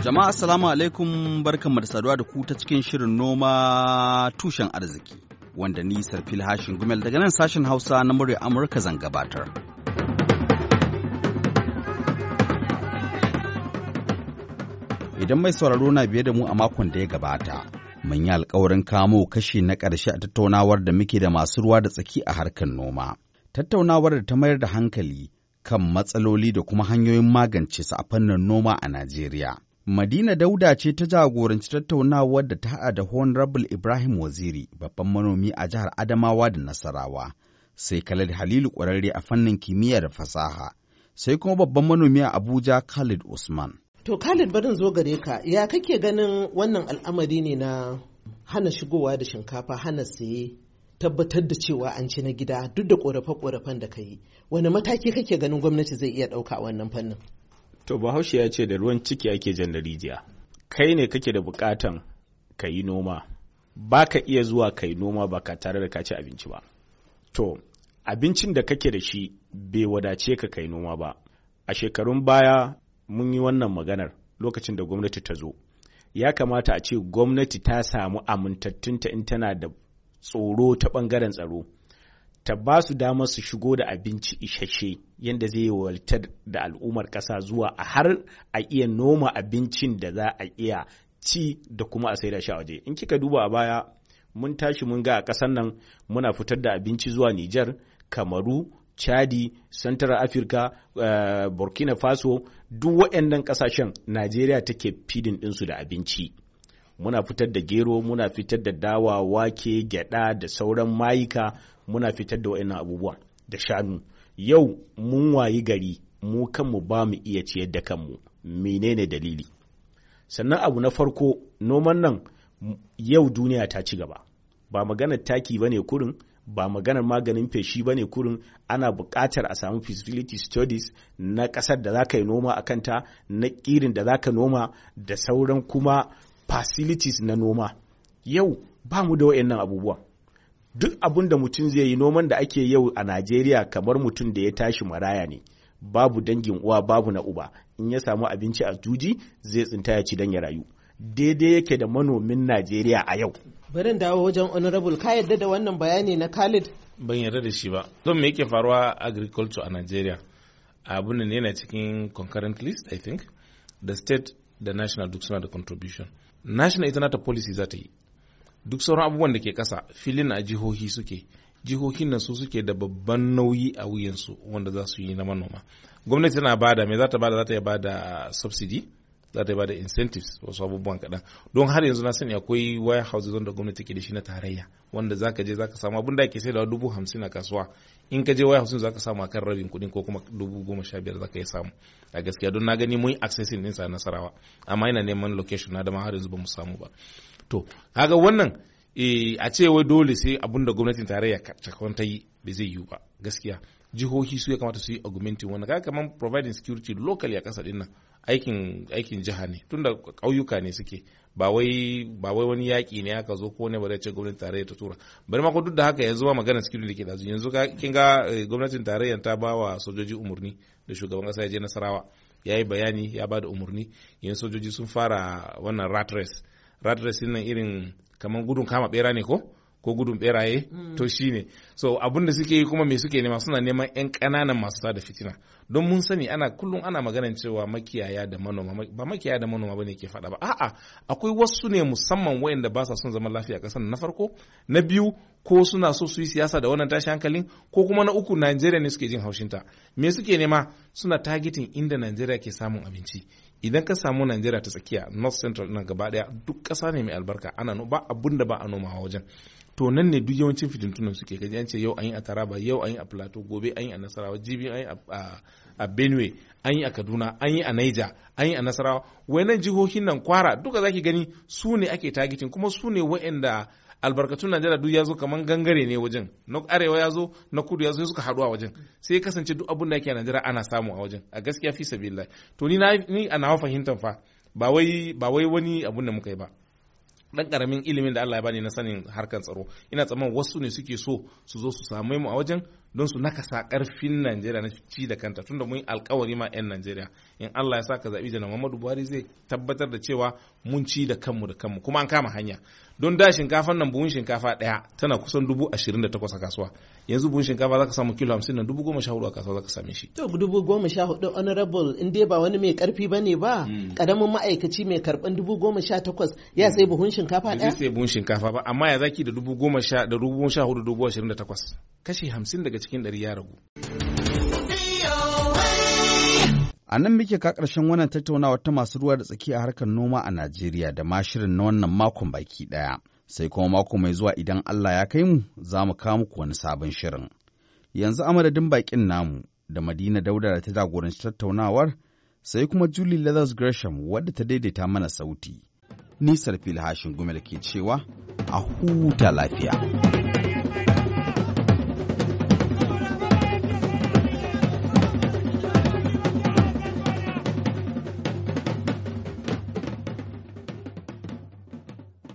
Jama'a assalamu alaikum barkanmu da saduwa da ku ta cikin shirin noma tushen arziki wanda ni Sarfil Hashin Gumel daga nan sashen Hausa na murya Amurka zan gabatar. Idan mai sauraro na biye da mu a makon da ya gabata, mun yi alkawarin kamo kashi na ƙarshe a tattaunawar da muke da masu ruwa da tsaki a harkar noma. Tattaunawar da ta mayar da hankali kan matsaloli da kuma hanyoyin magance su a fannin noma a Najeriya. Madina Dauda ce ta jagoranci tattaunawar da ta haɗa da Honorable Ibrahim Waziri, babban manomi a jihar Adamawa da Nasarawa, sai Khalid Halilu ƙwararre a fannin kimiyya da fasaha, sai kuma babban manomi a Abuja Khalid Usman. To Khalid barin zo gare ka, ya kake ganin wannan al'amari ne na hana shigowa da shinkafa, hana saye, tabbatar da cewa an ci na gida duk da ƙorafe-ƙorafen da ka yi. Wani mataki kake ganin gwamnati zai iya ɗauka a wannan fannin? To Bahaushe ya ce da ruwan ciki ake jan rijiya. Kai ne kake da bukatan ka yi noma, ba ka iya zuwa ka yi noma ba ka tare da ka ci abinci ba. To, abincin da kake da shi bai wadace ka kai noma ba. A shekarun baya mun yi wannan maganar lokacin da gwamnati ta zo. Ya kamata a ce gwamnati ta samu amintattunta in tana da tsoro ta ɓangaren tsaro. ta ba su damar su shigo da abinci isasshe yadda zai yi waltar da al'ummar ƙasa zuwa a har a iya noma abincin da za a iya ci da kuma a sai da shi a waje in kika duba a baya mun tashi mun ga a ƙasar nan muna fitar da abinci zuwa Nijar, Kamaru, Chadi, Central Africa, uh, Burkina Faso duk waɗannan ƙasashen Najeriya take fidin ɗinsu da abinci. muna fitar da gero muna fitar da dawa wake gyada da sauran mayuka muna fitar da wa'annan abubuwa da shanu yau mun wayi gari mu kanmu ba mu iya ciyar da kanmu menene dalili sannan abu na farko noman nan yau duniya ta ci gaba ba maganar taki bane kurin ba maganar maganin feshi ba ne kurin ana buƙatar a samu feasibility studies na ƙasar da za ka yi noma a kanta na ƙirin da za ka noma da sauran kuma facilities na noma yau ba mu da wayannan abubuwan duk abun da mutum zai yi noman da ake yau a najeriya kamar mutum da ya tashi maraya ne babu dangin uwa babu na uba in ya samu abinci a juji zai tsinta ya ci dan ya rayu daidai yake da manomin najeriya a yau barin dawo wajen honorable ka yadda da wannan bayani na khalid ban yarda da shi ba don me yake faruwa agriculture a nigeria abun ne yana cikin concurrent list i think the state da national duk suna da contribution national ita nata policy za ta yi duk sauran abubuwan da ke ƙasa filin a jihohi suke jihohin nan su suke da babban nauyi a wuyansu wanda za su yi na manoma gwamnati tana bada mai za ta bada za ta yi bada subsidy za ta ba incentives wasu abubuwan kaɗan don har yanzu na sani akwai houses wanda gwamnati ke da shi na tarayya wanda za ka je za ka samu abin da ake sai da dubu hamsin a kasuwa in ka je waya za ka samu akan rabin kuɗin ko kuma dubu goma sha biyar za ka yi samu a gaskiya don na gani mun accessing ɗinsa nasarawa amma ina neman location na da ma har yanzu ba mu samu ba to kaga wannan eh, a ce wai dole sai abin da gwamnatin tarayya cakon ta yi bai zai yiwu ba gaskiya jihohi su ya kamata su yi argumentin wannan kaga kamar providing security locally a ƙasa dinnan. aikin aikin jiha ne tunda ƙauyuka ne suke ba wai ba wai wani yaƙi ne aka zo ko ne ba zai ce gwamnatin tarayya ta tura bari ma ko duk da haka yanzu ma magana cikin da ke da yanzu kin ga eh, gwamnatin tarayya ta ba wa sojoji umarni da shugaban ƙasa ya je Nasarawa ya yi bayani ya ba da umurni yanzu sojoji sun fara wannan rat race rat race nan irin kamar gudun kama bera ne ko ko gudun beraye mm. to shine so abun da suke yi kuma me suke nema suna neman yan kananan masu tada fitina don mun sani ana kullum ana maganan cewa makiyaya da manoma ba makiyaya da manoma bane ke faɗa ba a'a akwai wasu ne musamman wayanda ba sa son zaman lafiya ƙasar na farko na biyu ko suna so su yi siyasa da wannan tashi hankalin ko kuma na uku Najeriya ne suke jin haushinta me suke nema suna targeting inda Najeriya ke samun abinci idan ka samu Najeriya ta tsakiya North Central na gaba daya duk ƙasa ne mai albarka ana ba abun da ba a nomawa wajen to nan ne duk yawancin fitintunan suke ka an ce yau an yi a taraba yau an yi a plateau gobe an yi a nasarawa jibi an yi a benue an yi a kaduna an yi a naija an yi a nasarawa Wai nan jihohin nan kwara duka zaki gani su ne ake tagitin kuma su ne wayanda albarkatun najeriya duk ya zo kamar gangare ne wajen na arewa ya zo na kudu ya zo suka haɗu a wajen sai ya kasance duk abin da ake a najeriya ana samu a wajen a gaskiya fi sabilillah to ni a nawa fahimtar fa ba wai wani abun da muka yi ba dan karamin ilimin da Allah ya bani na sanin harkar tsaro ina tsaman wasu ne suke so su zo su samu mu a wajen don su nakasa karfin Najeriya na ci da kanta tunda mun alkawari ma 'yan Najeriya in Allah ya saka zaɓi janar Muhammadu Buhari zai tabbatar da cewa mun ci da kanmu da kanmu kuma an kama hanya don da shinkafan nan buhun shinkafa ɗaya tana kusan dubu ashirin da takwas a kasuwa yanzu buhun shinkafa zaka samu kilo hamsin na dubu goma sha hudu a kasuwa zaka same shi. to dubu goma sha hudu honorable in dai ba wani mai karfi ba ne ba karamin hmm. ma'aikaci mai karɓan dubu goma sha takwas ya hmm. sai buhun shinkafa ɗaya. ba zai sai buhun shinkafa ba amma ya zaki da dubu goma sha da dubu goma sha hudu dubu ashirin da takwas. kashi hamsin daga cikin ɗari ya ragu. A nan muke ka ƙarshen wannan tattaunawa ta masu ruwa da tsaki a harkar noma a Najeriya da ma shirin na wannan makon baki ɗaya. Sai kuma mako mai zuwa idan Allah ya kai mu za mu kawo muku wani sabon shirin. Yanzu a madadin baƙin namu da Madina Dauda da ta jagoranci tattaunawar sai kuma Julie Leathers Gresham wadda ta daidaita mana sauti. Nisar fil hashin gumel ke cewa a huta lafiya.